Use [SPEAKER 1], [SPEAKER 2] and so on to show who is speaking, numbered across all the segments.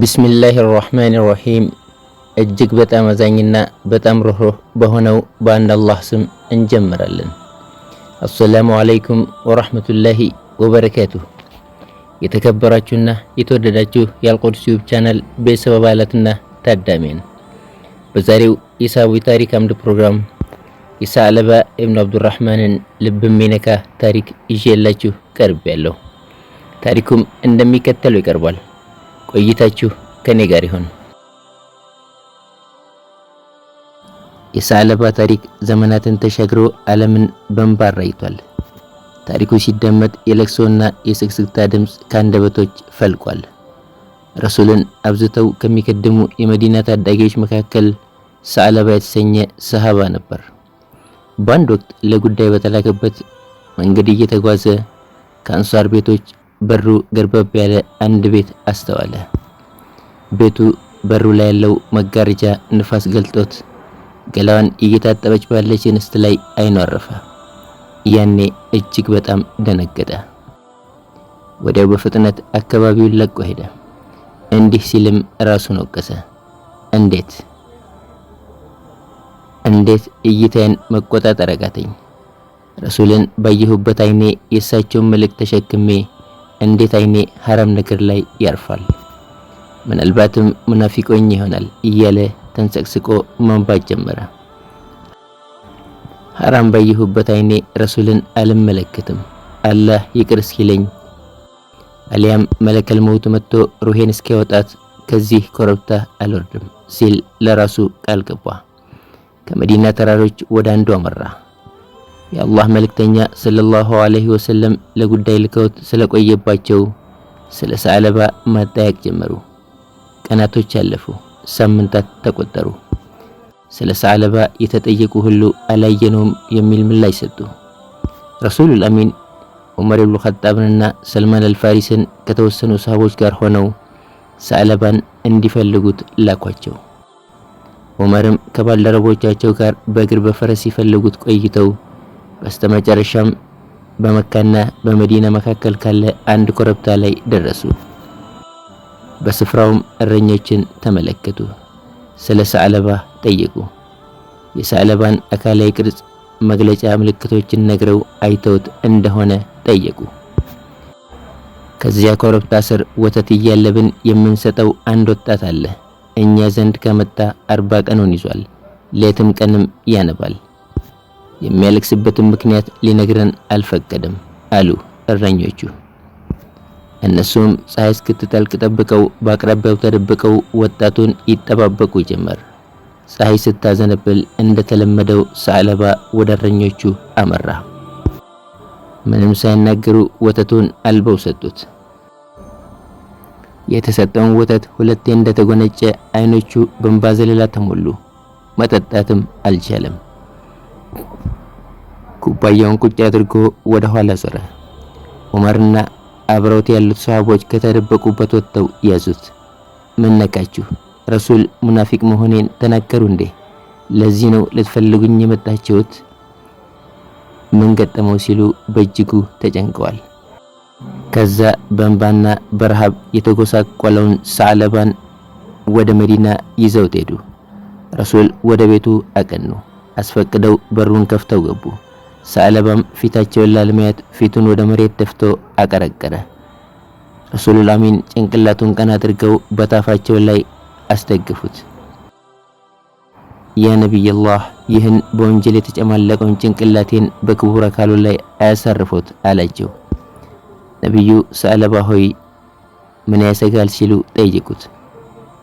[SPEAKER 1] ቢስሚላህ ራህማን ራሂም እጅግ በጣም አዛኝና በጣም ሩህሩህ በሆነው በአንድ አላህ ስም እንጀምራለን። አሰላሙ አለይኩም ወራህመቱላሂ ወበረካቱሁ። የተከበራችሁና የተወደዳችሁ የአልቆድስ ዩቲዩብ ቻናል ቤተሰብ አባላትና ታዳሚያን በዛሬው የሳሐባዊ ታሪክ አምድ ፕሮግራም ኢሳ አለባ ኢብኑ አብዱራህማንን ልብ የሚነካ ታሪክ ይዤላችሁ ቀርቤያለሁ። ታሪኩም እንደሚከተለው ይቀርባል። ቆይታችሁ ከኔ ጋር ይሁን። የሳለባ ታሪክ ዘመናትን ተሻግሮ ዓለምን በንባር አይቷል። ታሪኩ ሲደመጥ የለቅሶና የስቅስቅታ ድምፅ ከአንደበቶች ፈልቋል። ረሱልን አብዝተው ከሚቀድሙ የመዲና ታዳጊዎች መካከል ሳለባ የተሰኘ ሰሃባ ነበር። በአንድ ወቅት ለጉዳይ በተላከበት መንገድ እየተጓዘ ከአንሷር ቤቶች በሩ ገርበብ ያለ አንድ ቤት አስተዋለ። ቤቱ በሩ ላይ ያለው መጋረጃ ንፋስ ገልጦት ገላዋን እየታጠበች ባለች እንስት ላይ አይኑ አረፈ። ያኔ እጅግ በጣም ደነገጠ። ወዲያው በፍጥነት አካባቢውን ለቆ ሄደ። እንዲህ ሲልም ራሱን ወቀሰ። እንዴት እንዴት እይታዬን መቆጣጠር አቃተኝ? ረሱልን ባየሁበት አይኔ የእሳቸውን መልእክት ተሸክሜ እንዴት አይኔ ሐረም ነገር ላይ ያርፋል? ምናልባትም ሙናፊቆኝ ይሆናል እያለ ተንሰቅስቆ መንባት ጀመረ። ሐራም ባየሁበት አይኔ ረሱልን አልመለከትም፣ አላህ ይቅር እስኪለኝ አሊያም መለከል መውት መጥቶ ሩሄን እስኪያወጣት ከዚህ ኮረብታ አልወርድም ሲል ለራሱ ቃል ገባ። ከመዲና ተራሮች ወደ አንዱ አመራ። የአላህ መልእክተኛ ሰለላሁ ዐለይሂ ወሰለም ለጉዳይ ልከውት ስለቆየባቸው ስለ ሰዓለባ መጠያየቅ ጀመሩ። ቀናቶች አለፉ፣ ሳምንታት ተቆጠሩ። ስለ ሰዓለባ የተጠየቁ ሁሉ አላየነውም የሚል ምላሽ ሰጡ። ረሱሉል አሚን ዑመር ብኑ ኸጣብንና ሰልማን አልፋሪስን ከተወሰኑ ሰሃቦች ጋር ሆነው ሰዓለባን እንዲፈልጉት ላኳቸው። ዑመርም ከባልደረቦቻቸው ጋር በእግር በፈረስ ሲፈልጉት ቆይተው በስተመጨረሻም በመካና በመዲና መካከል ካለ አንድ ኮረብታ ላይ ደረሱ። በስፍራውም እረኞችን ተመለከቱ። ስለ ሰዓለባ ጠየቁ። የሰዓለባን አካላዊ ቅርጽ መግለጫ ምልክቶችን ነግረው አይተውት እንደሆነ ጠየቁ። ከዚያ ኮረብታ ስር ወተት እያለብን የምንሰጠው አንድ ወጣት አለ። እኛ ዘንድ ከመጣ አርባ ቀኑን ይዟል። ሌትም ቀንም ያነባል። የሚያለቅስበትን ምክንያት ሊነግረን አልፈቀደም አሉ እረኞቹ። እነሱም ፀሐይ እስክትጠልቅ ጠብቀው በአቅራቢያው ተደብቀው ወጣቱን ይጠባበቁ ጀመር። ፀሐይ ስታዘነብል እንደተለመደው ሳለባ ወደ እረኞቹ አመራ። ምንም ሳይናገሩ ወተቱን አልበው ሰጡት። የተሰጠውን ወተት ሁለቴ እንደተጎነጨ አይኖቹ በእንባ ዘለላ ተሞሉ። መጠጣትም አልቻለም። ኩባያውን ቁጭ አድርጎ ወደ ኋላ ዞረ። ዑመርና አብረውት ያሉት ሰሃቦች ከተደበቁበት ወጥተው ያዙት። ምን ነካችሁ? ረሱል ሙናፊቅ መሆኔን ተናገሩ እንዴ? ለዚህ ነው ልትፈልጉኝ የመጣችሁት? ምን ገጠመው ሲሉ በእጅጉ ተጨንቀዋል። ከዛ በእንባና በረሃብ የተጎሳቆለውን ሰዓለባን ወደ መዲና ይዘውት ሄዱ። ረሱል ወደ ቤቱ አቀኑ። አስፈቅደው በሩን ከፍተው ገቡ። ሰለባም ፊታቸውን ላለማየት ፊቱን ወደ መሬት ደፍቶ አቀረቀረ። ረሱሉል አሚን ጭንቅላቱን ቀና አድርገው በታፋቸው ላይ አስደግፉት። ያ ነቢይላህ ይህን በወንጀል የተጨማለቀውን ጭንቅላቴን በክቡር አካሉ ላይ አያሳርፎት አላቸው። ነቢዩ ሰለባ ሆይ ምን ያሰጋል ሲሉ ጠይቁት!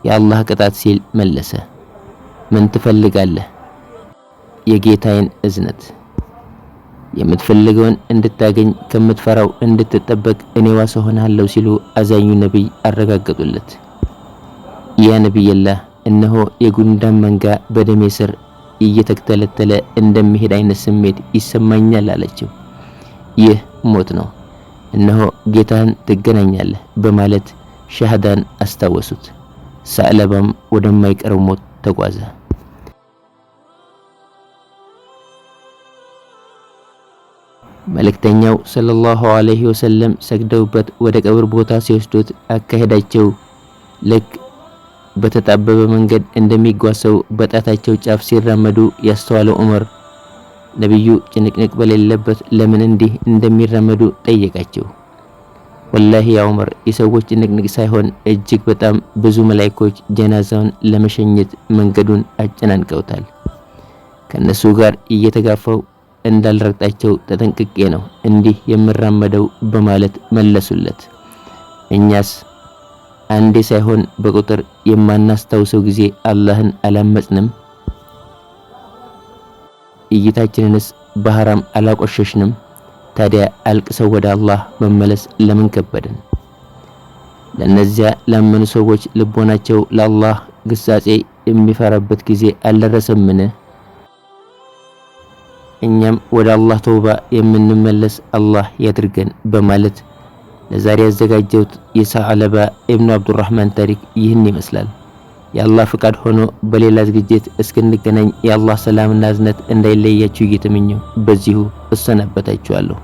[SPEAKER 1] የአላህ ቅጣት ሲል መለሰ። ምን ትፈልጋለህ? የጌታዬን እዝነት የምትፈልገውን እንድታገኝ ከምትፈራው እንድትጠበቅ እኔ ዋስ ሆናለሁ ሲሉ አዛኙ ነቢይ አረጋገጡለት። ያ ነቢይላህ እነሆ የጉንዳን መንጋ በደሜ ስር እየተተለተለ እንደሚሄድ አይነት ስሜት ይሰማኛል አለችው። ይህ ሞት ነው፣ እነሆ ጌታን ትገናኛለህ በማለት ሻህዳን አስታወሱት። ሳዕለባም ወደማይቀረው ሞት ተጓዘ። መልእክተኛው ሰለላሁ ዐለይሂ ወሰለም ሰግደውበት ወደ ቀብር ቦታ ሲወስዱት አካሄዳቸው ልክ በተጣበበ መንገድ እንደሚጓሰው በጣታቸው ጫፍ ሲራመዱ ያስተዋለው ዑመር ነቢዩ ጭንቅንቅ በሌለበት ለምን እንዲህ እንደሚራመዱ ጠየቃቸው። ወላሂ ያ ዑመር የሰዎች ጭንቅንቅ ሳይሆን እጅግ በጣም ብዙ መላይኮች ጀናዛውን ለመሸኘት መንገዱን አጨናንቀውታል። ከእነሱ ጋር እየተጋፋው እንዳልረግጣቸው ተጠንቅቄ ነው እንዲህ የምራመደው በማለት መለሱለት። እኛስ አንዴ ሳይሆን በቁጥር የማናስታውሰው ጊዜ አላህን አላመጽንም? እይታችንንስ በሐራም አላቆሸሽንም? ታዲያ አልቅሰው ወደ አላህ መመለስ ለምን ከበደን? ለእነዚያ ላመኑ ሰዎች ልቦናቸው ለአላህ ግሳጼ የሚፈራበት ጊዜ አልደረሰምን? እኛም ወደ አላህ ተውባ የምንመለስ አላህ ያድርገን በማለት ለዛሬ ያዘጋጀሁት የሰዕለባ ኢብኑ አብዱራህማን ታሪክ ይህን ይመስላል። የአላህ ፍቃድ ሆኖ በሌላ ዝግጅት እስክንገናኝ የአላህ ሰላምና እዝነት እንዳይለያችሁ እየተመኘው በዚሁ እሰናበታችኋለሁ።